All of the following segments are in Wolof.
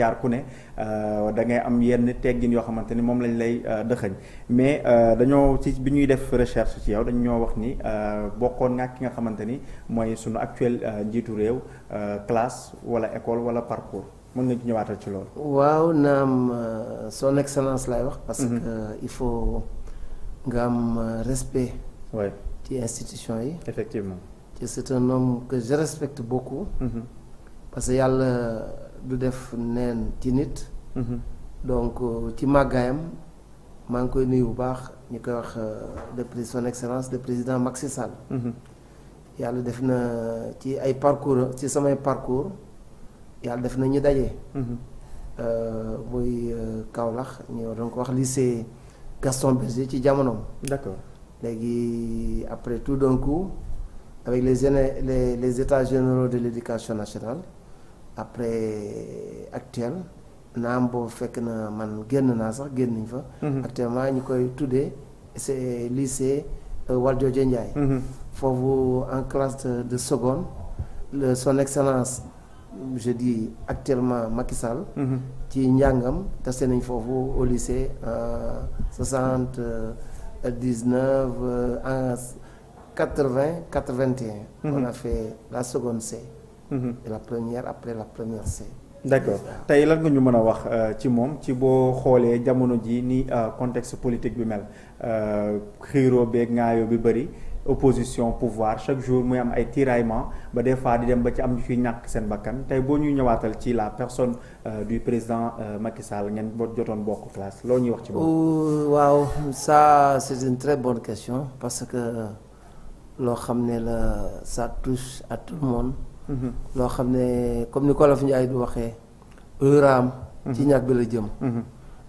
jaar ku ne euh, da ngay am yenn teggin yoo xamante ni moom lañ lay euh, dëxëñ mais euh, dañoo ci bi ñuy def recherche ci yow dañu ñoo wax ni bokkoon nga ki nga xamante ni mooy suñu actuel njiitu réew classe wala école wala parcours mun nga ci ñëwaatal ci loolu. waaw na naam son excellence lay wax. parce mhm. que il faut nga am respect. oui ci institution yi. effectivement. c'est un homme que je respecte beaucoup. Mhm. parce que yàlla. du def neen ci nit mhm. donc euh, ci màggaayam maa ngi koy nuyu bu baax ñu koy wax euh, depuis son excellence de président Macky Sall mhm. yàlla def na ci ay parcours ci samay parcours yàlla def na ñu daje mhm. euh, muy Kaolack ñu doon ko wax lycée Gaston Berger ci jamonoom d'accord léegi après tout d'un coup avec les les les états généraux de l'éducation nationale après actuel naam boobu fekk na man génn naa sax génn nañ fa. Mhm. actuellement ñu koy tuddee c'est lycée euh, Valdiodio Ndiaye. Mhm. foofu en classe de seconde le son excellence je dis actuellement Macky Sall. Mhm. ci njàngam tase nañ foofu au lycée euh, soixante euh, dix neuf en quatre vingt quatre vingt un. on a fait la seconde C. Mm-hmm. et la première après la première C. d'accord tey lan nga ñu mën a wax euh, ci moom ci boo xoolee jamono ji ni euh, contexte politique bi mel euh, xiiroo beeg ŋaayoo bi bëri opposition pouvoir chaque jour muy am ay tiraillement ba des fois di dem ba ci am ñu fiy ñàkk seen bakkan tey boo ñuy ñëwaatal ci la personne du président Macky Sall ngeen boo jotoon bokk classe loo ñuy wax ci moom. waaw ça c'est une très bonne question parce que loo xam ne la ça touche à tout le monde. loo xam ne comme ni Kolof Njaay du waxee raam mhm. ci ñàkk bi la jëm mhm.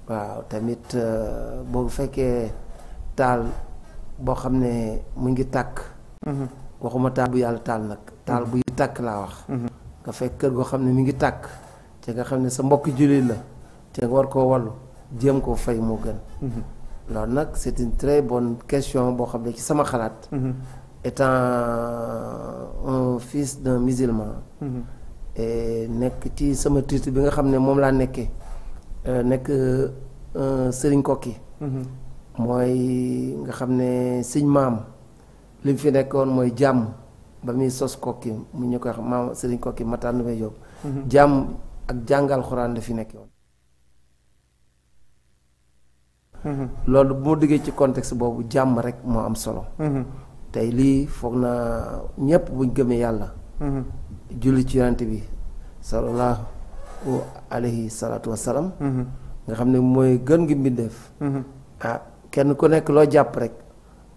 waaw tamit euh, boo fekkee taal boo xam ne mu ngi takk mhm. waxuma taal bu yàlla taal nag taal buy takk laa wax nga fekk kër goo xam ne mu ngi takk te nga xam ne sa mbokk jullit la te nga war koo wallu jéem koo fay moo gën loolu nag c'est une très question boo xam ne ci sama xalaat étant un fils d'un musulman. Mhm. nekk ci sama titre bi nga xam ne moom laa nekkee euh, nekk euh, sëriñ kokki mhm. mooy nga xam ne sëñ maam li mu fi nekkoon mooy jàmm ba muy sos kokki mu ñu koy xam maam sëriñ kokki Matar Ndumé Diop mhm. jàmm ak jàngal xuraan la fi nekkoon loolu bu ma duggee ci contexte boobu jàmm rek moo am solo tey lii foog naa ñépp buñ gëmee yàlla. Mhm. julli ci yonent bi sallallahu alayhi salaatu wa mhm. nga xam ne mooy gën ngi mbindeef. Mhm. ah kenn ku nekk loo jàpp rek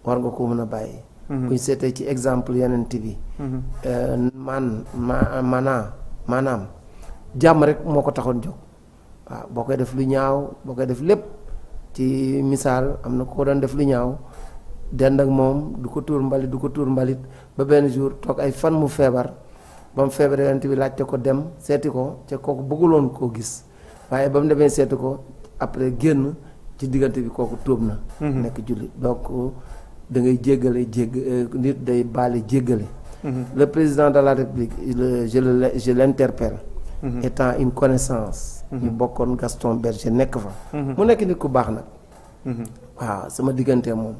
war nga ko mën a bàyyi. buñ seetee ci exemple yonent bi. Eh, man ma maanaam jàmm rek moo ko taxoon jóg. waaw boo koy def lu ñaaw boo koy def lépp ci misaal am na ko doon def lu ñaaw. dend ak moom du ko tuur mbalit du ko tuur mbalit ba benn jour toog ay fan mu feebar ba mu feebaree yonent bi laajte ko dem seeti ko ca kooku bëgguloon koo gis waaye ba mu demee seeti ko après génn ci diggante bi kooku tuub na. Mhm. nekk jullit donc da ngay jéggale jégg euh, nit day baale jéggale. Mhm. le président de la république le euh, je le je l'interpelle. Mhm. étant une connaissance. ñu bokkoon Gaston Berger nekk fa. mu nekk nit ku baax nag. waaw sama diggante moom.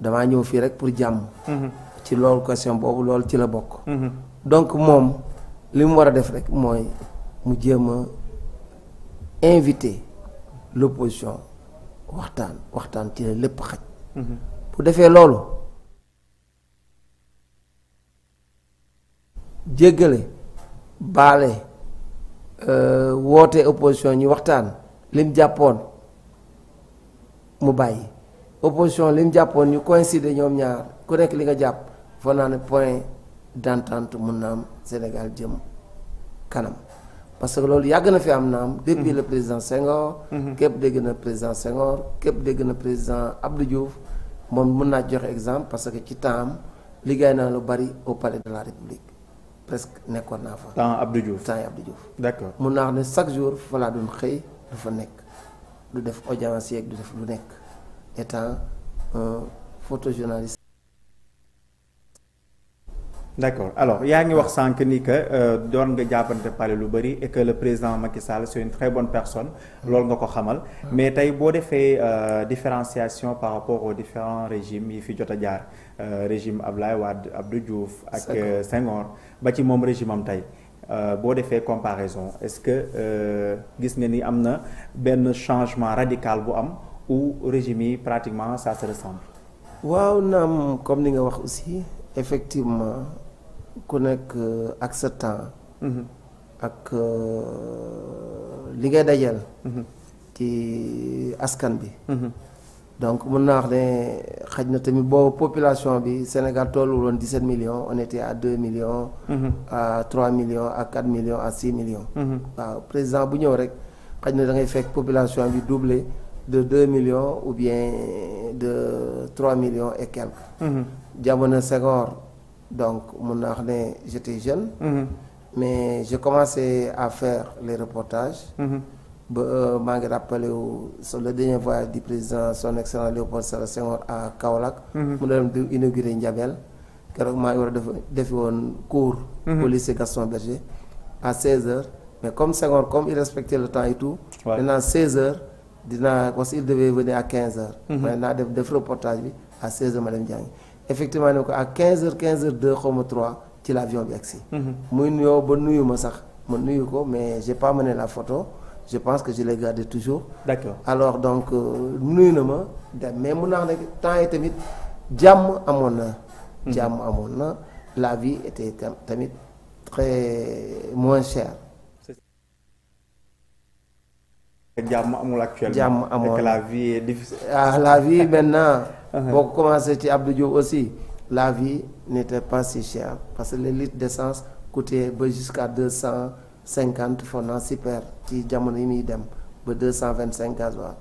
damaa ñëw fii rek pour jàmm. Mhm. ci loolu question boobu loolu ci la bokk. Mhm. donc moom li mu war a def rek mooy mu jéem a invité l'opposition waxtaan waxtaan ci la lépp xaj. Mhm. bu defee loolu jéggale baale euh, woote opposition ñu waxtaan lim jàppoon mu bàyyi. opposition li mu jàppoon ñu coïncider ñoom ñaar ku nekk li nga jàpp foog naa ne point d'entente mun na am Sénégal jëm kanam parce que loolu yàgg na fi am naam. depuis mm-hmm. le président Senghor. Mm-hmm. képp dégg na président Senghor képp dégg na président Abdou Diouf moom mun naa jox exemple parce que ci temps liggéey naa lu bari au palais de la République presque nekkoon naa fa. temps Abdou Diouf temps Abdou Diouf. d'accord mun naa wax ne chaque jour fa laa doon xëy dafa nekk du def audience yeeg du def lu nekk. étant un photojournaliste. d'accord alors yaa ngi wax sànq ni que euh, doon nga jàppante pale lu bëri et que président Macky Sall c'est une très bonne personne loolu nga ko xamal mais tey boo defee euh, différenciation par rapport aux différents régimes yi fi jot a jaar euh, régime Ablaye Wade Abdou Diouf ak Senghor ba ci moom régime am tey boo defee comparaison est-ce que gis nga ni am na benn changement radical bu am ou régime yi pratiquement ça se ressemble. waaw naam comme ni nga wax aussi effectivement ku nekk euh, ak sa temps. Mhm. ak euh, li ngay dajal. Mhm. ci askan bi. Mhm. donc mun naa wax ne xaj na tamit boobu population bi Sénégal tollu woon 17 millions million était à 2 millions. à 3 millions à 4 millions à 6 millions. waaw président bu ñëw rek xaj na da fekk population bi doublé. de deux millions ou bien de trois millions et quelques. Mm-hmm. jamono Senghor donc mun naa wax ne j'étais jeune. Mm-hmm. mais j'ai commencé à faire les reportages. Mm-hmm. ba euh, maa ngi rappelé wu le dernier voyage du président son excellence Léopold Sédar Senghor à Kaolack. mu doon dem di inauguré Ndiabel keroog maa ngi war a def defi woon cours. au lycée Gaston Berger à 16h mais comme Senghor comme il respectait le temps et tout. waaw maintenant dinaa parce que il devait venir à 15 heures. mais mhm. naa def def reportage bi à 16 heures ma dem jàngi effectivement ne ko à 15 heures 15 heures 2 xaw ma 3 ci l' avion bi agsi. Mhm. muy nuyoo ba nuyu ma sax ma nuyu ko mais j'ai pas mené la photo je pense que je l'ai gardé toujours. d' alors donc euh, nuyu na ma dem mais mun naa ne temps yi tamit jàmm amoon na. Mhm. jàmm amoon na la vie était tamit très moins chère. jàmm amul actuellement jàmm amul la vie est difficile. ah la vie maintenant. Uh-huh. boo ko commencé ci Abdou aussi la vie n'était pas si chère parce que le litre d'essence coûtait ba jusqu'à deux cent cinquante fonna si ci jamono yi muy dem ba deux cent vingt cinq gasoil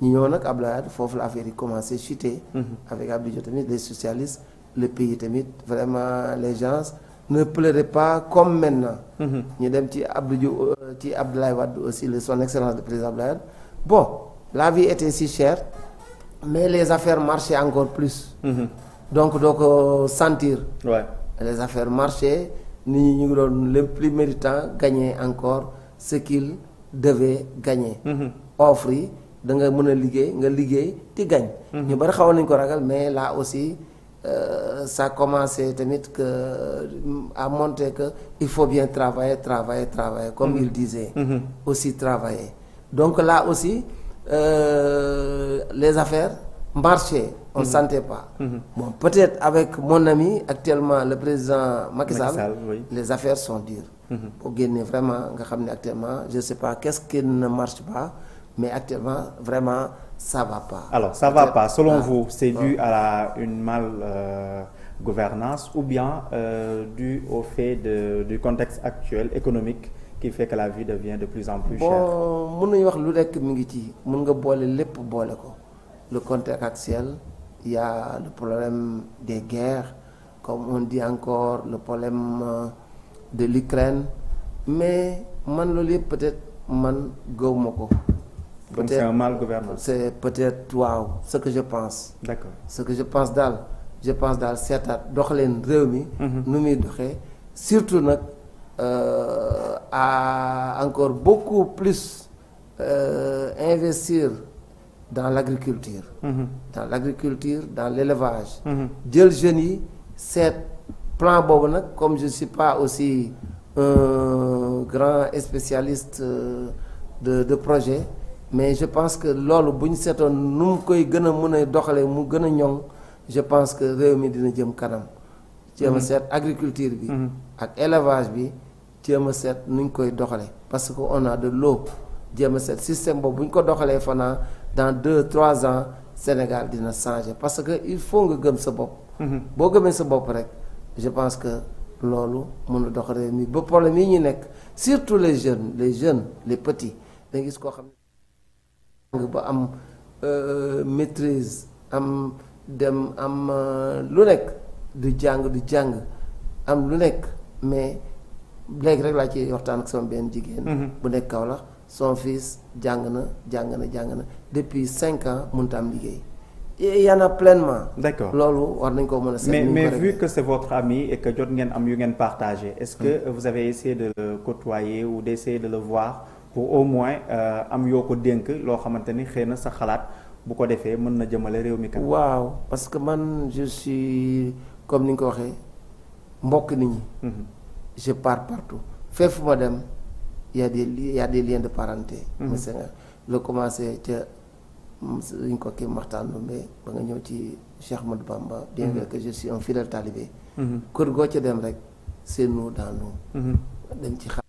ñu ñëw nag Abdoulaye foofu la affaire yi commencé chuter. Uh-huh. avec Abdou tamit les socialistes le pays tamit vraiment les gens. ne pleurez pas comme maintenant. Mhm. ñu dem ci Abdou Diouf euh, ci Abdoulaye Wade aussi le son excellence de président Abdoulaye Wade bon la vie était si chère mais les affaires marchaient encore plus. Mhm. donc doo ko sentir. Ouais. les affaires marchaient nit ñi ñu ngi doon les plus méritants gagnaient encore ce qu'ils devaient gagner. Mmh. offre yi da mën a liggéey nga liggéey ti gañ. Mhm. ñu bari xawoon nañu ko ragal mais là aussi. Euh, ça a commencé tamit que euh, à montrer que il faut bien travailler travailler travailler comme mmh. il disait mhm. aussi travailler donc là aussi euh, les affaires marchaient on mhm. ne pas mhm. bon peut-être avec mon ami actuellement le président Macky Sall, les affaires sont dures boo génnee vraiment nga xam ne actuellement je sais pas qu'est-ce qui ne marche pas mais actuellement vraiment ça va pas. Alors, ça va pas. Selon ah, vous, c'est dû ah. à la, une mal euh, gouvernance ou bien euh, dû au fait de, du contexte actuel économique qui fait que la vie devient de plus en plus bon, chère. Bon, mën nañu wax lu rekk mi ngi ci mën nga boole lépp boole ko le contexte actuel ya y problème des guerres comme on dit encore le problème euh, de l'Ukraine mais man loolu yëpp peut-être man gëwuma ko. peut-être c'est un mal gouvernance peut-être waaw ce que je pense. d'accord ce que je pense daal je pense daal seetaat doxaleen réew mi. Mhm. nu muy doxee surtout nag euh, à encore beaucoup plus euh, investir mhm. dans l'agriculture. dans l'élevage. Mhm. jël jeunes yi seet plan boobu nag comme je suis pas aussi un grand spécialiste euh, de projet. mais je pense que loolu bu ñu seetoon nu mu koy gën a mën a doxalee mu gën a ñoŋ je pense que réew mi dina jëm kanam. jéem a mm-hmm. seet agriculture bi. Mm-hmm. ak élevage bi jéem a seet nu ñu koy doxalee. parce que on a de l'eau jéem a seet système boobu bu ñu ko doxalee fanaan dans deux trois ans Sénégal dina changer parce que il faut nga gëm sa bopp. Mm-hmm. boo gëmee sa bopp rek je pense que loolu mun na dox réew mi ba problème yi ñu nekk surtout les jeunes les jeunes les petits ba am euh, maîtrise am dem am euh, lu nekk du jàng du jàng am lu nekk mais léegi rek laa ci waxtaan ak sama benn jigéen. Mm-hmm. bu nekk kaw la son fils jàng na jàng na jàng na depuis cinq ans mënut am liggéey. il y en a pleinement. d'accord loolu war nañ ko mën a. seetlu mais mais vu que c'est votre ami et que jot ngeen am yu ngeen partagé. est-ce que mm. vous avez essayé de le côtoyer ou d'essayer de le voir. pour au moins euh, am yoo ko dénk loo xamante ni xëy na sa xalaat bu ko defee mën na jëmale réew mi kanam. waaw parce que man je suis comme ni nga ko waxee mbokk nit mhm. je pars partout fépp fu ma dem y a des li y a des parenté. Mhm. monsieur nga la commencé ca suñ ko kii Maxtaan Ndoumbe ba nga ñëw ci Cheikh Ahmadou Bamba. bien mhm. vrai que je suis un fidèle kër goo ca dem rek c'est nous dans dañ ci xam.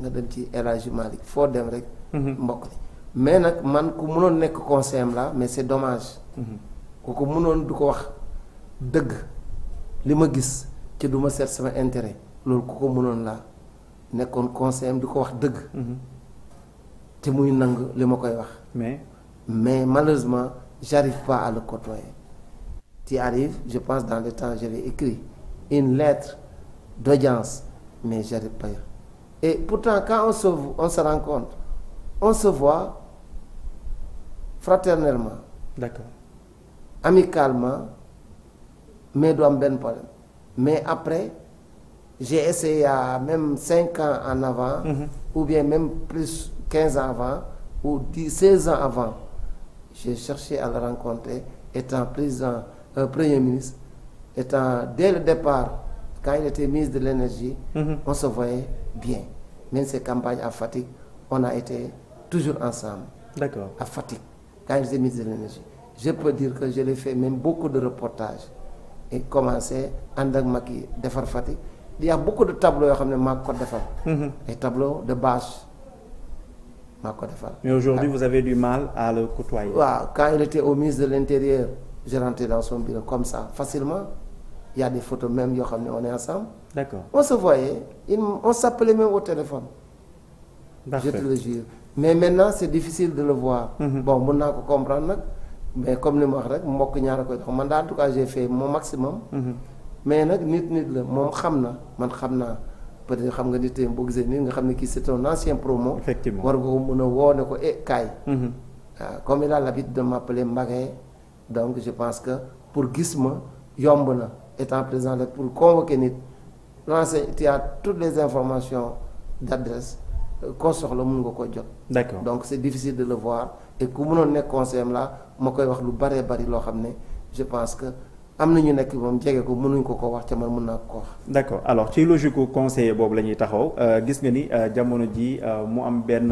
nga dem ci El Hadj Malick foo dem rek. Mhm. mbokk ni mais nag man ku mënoon nekk conseil am la mais c'est domage mhm. ku ko mënoon du ko wax dëgg li ma gis ci du ma seet sama intérêt loolu ku ko mënoon laa nekkoon conseil am di ko wax dëgg. Mhm. te muy nangu li ma koy wax. mais mais malheureusement j'arrive pas à le côtoyer. tu arrives je pense dans le temps je l'ai écrit une mais Et pourtant, quand on se, on se rencontre, on se voit fraternellement. D'accord. Amicalement, mais doit ben problème. Mais après, j'ai essayé à même cinq ans en avant, mm ou bien même plus 15 ans avant, ou 10, 16 ans avant, j'ai cherché à le rencontrer, étant président, euh, premier ministre, étant dès le départ quand il était ministre de l'énergie mhm. on se voyait bien même ses campagnes à Fatick on a été toujours ensemble d'accord à Fatick quand il était ministre de l'énergie je peux dire que je l'ai fait même beaucoup de reportages et commencé ànd ak Macky defar Fatick il a beaucoup de tableaux yoo xam ne maa ko defar mhm. ay tableaux de bâche maa ko defar mais aujourd'hui ah. vous avez du mal à le côtoyer waaw quand il était au ministre de l'intérieur je dans son bureau comme y a des photos même yoo xam ne on est ensemble. d'accord on se voyait il on s'appelait même au téléphone. mais maintenant c'est difficile de le voir. Mhm. bon mën naa ko comprendre nag mais comme li ma wax rek mbokk ñaar a koy dox man daal en fait mon maximum. Mhm. mais nag nit nit la moom xam na man xam naa peut xam nga nit tey boo gisee nit nga xam ne kii c'est un ancien promo. war nga ko mën a woo ne ko eh kaay. waaw mhm. ah, comme il a l'habitude de m'appeler Mbacké donc je pense que pour gis ma étant président la pour convoquer nit l'enseigne tu as toutes les informations d'adresse koo euh, soxla mun nga ko jot. d'accord donc c'est difficile de le voir te ku mënoon nekk conseil am la ma koy wax lu bëree bari loo xam ne je pense que am na ñu nekk moom jege ko mënuñ ko ko wax ca man mën naa ko wax. d'accord alors ci logique gu boobu la ñuy taxaw euh, gis nga ni euh, jamono ji mu am benn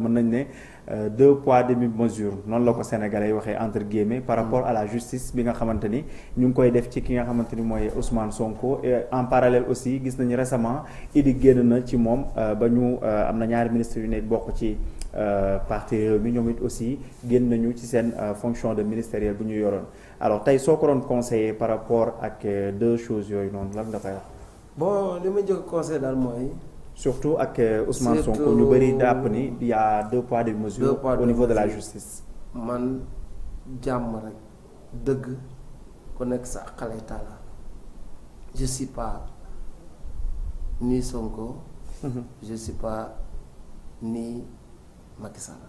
mën nañ ne. Euh, deux poids demi mesure noonu la ko sénégalais yi waxee entre guillemets par rapport à la justice bi nga xamante ni ñu ngi koy def ci ki nga xamante mooy Ousmane Sonko et en parallèle aussi gis nañu récemment Idi génn na ci moom euh, ba ñu euh, am na ñaari ministre yu ne bokk ci parti réew mi ñoom it aussi génn nañu ci seen fonction de ministériel bu ñu yoroon alors tey soo ko doon conseiller par rapport ak deux choses yooyu noonu lan nga koy wax. bon li ma jëkk conseil surtout ak euh, Ousmane Sonko ñu bëri dàpp ni il y a deux poids deux mesures au niveau de la justice man jàmm rek dëgg ku nekk sa xale taala je suis pas ni Sonko mhm. je suis pas ni Macky Sall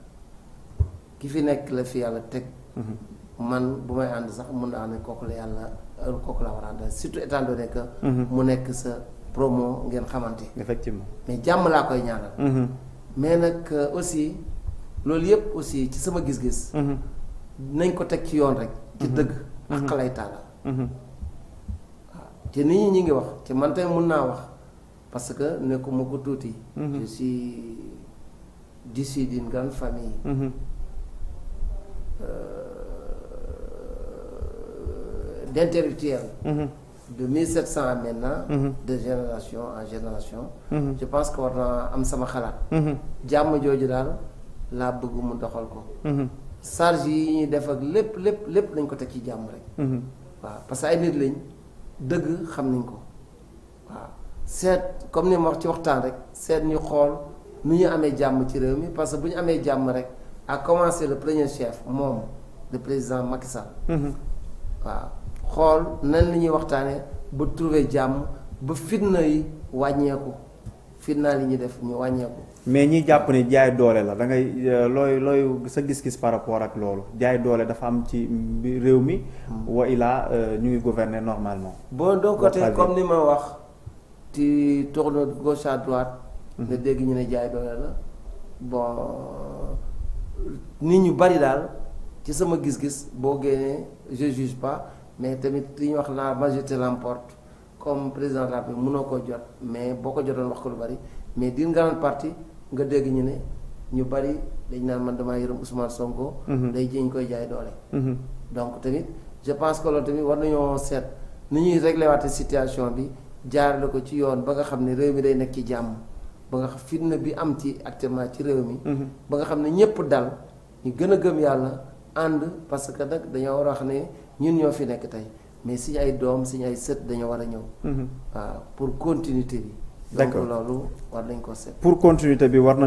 ki fi nekk la fi yàlla teg mhm. man bu may ànd sax mun naa ne kooku la yàlla kooku la war a ànd surtout étant donné que mhm. mu nekk sa promo ngeen xamante. effectivement mais jàmm laa koy ñaanal. Mm-hmm. mais nag euh, aussi loolu yëpp aussi ci sama gis-gis. Mm-hmm. nañ ko teg ci yoon rek. ci mm-hmm. dëgg ak xalay taala. waaw te nit ñi ñu ngi wax ci man tey mun naa wax parce que nekkuma ko tuuti. je suis issu d'une grande famille. Euh, d'intellectuels. de 1700 à maintenant. Mm de génération en génération. Mm je pense que war naa am sama xalaat. Mhm. jàmm jooju daal laa bëgg mu doxal ko. Mhm. charge yi ñuy def ak lépp lépp lépp nañ ko teg ci jàmm rek. Mhm. waaw parce que ay nit lañ dëgg xam nañ ko waaw seet comme ni ma wax ci waxtaan rek seet ñu xool nu ñu amee jàmm ci réew mi parce que bu ñu amee jàmm rek à commencer le premier chef moom le président Macky Sall. xool nan lañuy ñuy waxtaanee ba trouver jàmm ba fitna yi wàññeeku fitna li ñuy def ñu wàññeeku. mais ñi jàpp ni jaay doole la da ngay euh, looy looy sa gis-gis par rapport ak loolu jaay doole dafa am ci réew mi. Hmm. wa ilaa euh, ñu ngi gouverner normalement. bon donc côté comme ni ma wax ci tourne gauche à droite. Hmm. dégg ñu ne jaay doole la bon nit ñu bari daal ci sama gis-gis boo génnee je juge mais tamit li ñuy wax la majorité l'emporte comme président de la République mënoo ko jot mais boo ko jotoon wax ko lu bari mais d'une grande partie nga dégg ñu ne ñu bari dañ naan man damaa yërëm Ousmane Sonko. Mhm. day jiñ koy jaay doole. Mhm. donc tamit je pense que loolu tamit war nañoo seet ni ñuy réglé waate situation bi jaarale ko ci yoon ba nga xam ne réew mi day nekk ci jàmm ba nga fitna bi am ci actuellement ci réew mi. Mhm. ba nga xam ne ñëpp dal ñu gën a gëm yàlla ànd parce que a ñun ñoo fi nekk tey mais suñu ay doom suñu ay sët dañoo war a ñëw. Mhm. waaw pour continuité bi. d'accord donc loolu war nañ ko seet.